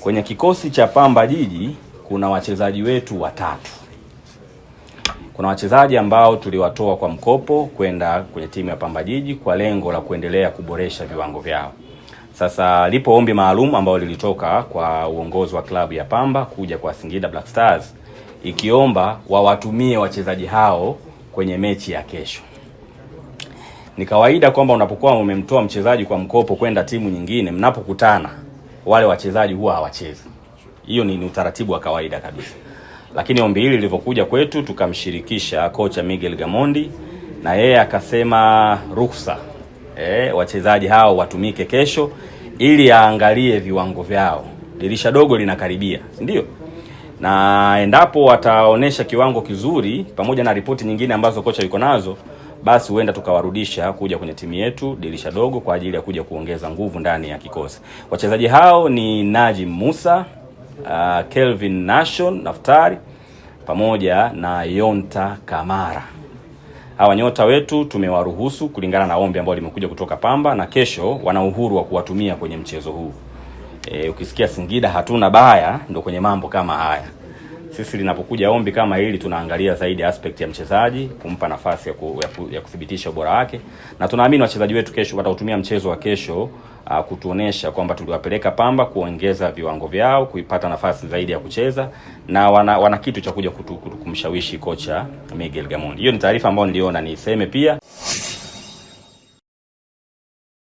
Kwenye kikosi cha Pamba Jiji kuna wachezaji wetu watatu. Kuna wachezaji ambao tuliwatoa kwa mkopo kwenda kwenye timu ya Pamba Jiji kwa lengo la kuendelea kuboresha viwango vyao. Sasa lipo ombi maalum ambalo lilitoka kwa uongozi wa klabu ya Pamba kuja kwa Singida Black Stars ikiomba wawatumie wachezaji hao kwenye mechi ya kesho. Ni kawaida kwamba unapokuwa umemtoa mchezaji kwa mkopo kwenda timu nyingine, mnapokutana wale wachezaji huwa hawachezi. Hiyo ni, ni utaratibu wa kawaida kabisa, lakini ombi hili lilivyokuja kwetu tukamshirikisha kocha Miguel Gamondi na yeye akasema ruhusa e, wachezaji hao watumike kesho ili aangalie viwango vyao. Dirisha dogo linakaribia, ndio? Na endapo wataonesha kiwango kizuri pamoja na ripoti nyingine ambazo kocha yuko nazo basi huenda tukawarudisha kuja kwenye timu yetu dirisha dogo kwa ajili ya kuja kuongeza nguvu ndani ya kikosi. Wachezaji hao ni naji Musa, uh, Kelvin nation Naftari pamoja na Yonta Kamara. Hawa nyota wetu tumewaruhusu kulingana na ombi ambao limekuja kutoka Pamba, na kesho wana uhuru wa kuwatumia kwenye mchezo huu. E, ukisikia Singida hatuna baya, ndo kwenye mambo kama haya sisi linapokuja ombi kama hili tunaangalia zaidi aspect ya mchezaji, kumpa nafasi ya, ku, ya, ku, ya kuthibitisha ubora wake, na tunaamini wachezaji wetu kesho watautumia mchezo wa kesho uh, kutuonesha kwamba tuliwapeleka Pamba kuongeza viwango vyao, kuipata nafasi zaidi ya kucheza, na wana, wana kitu cha kuja kumshawishi kocha Miguel Gamondi. Hiyo ni taarifa ambayo niliona niiseme pia.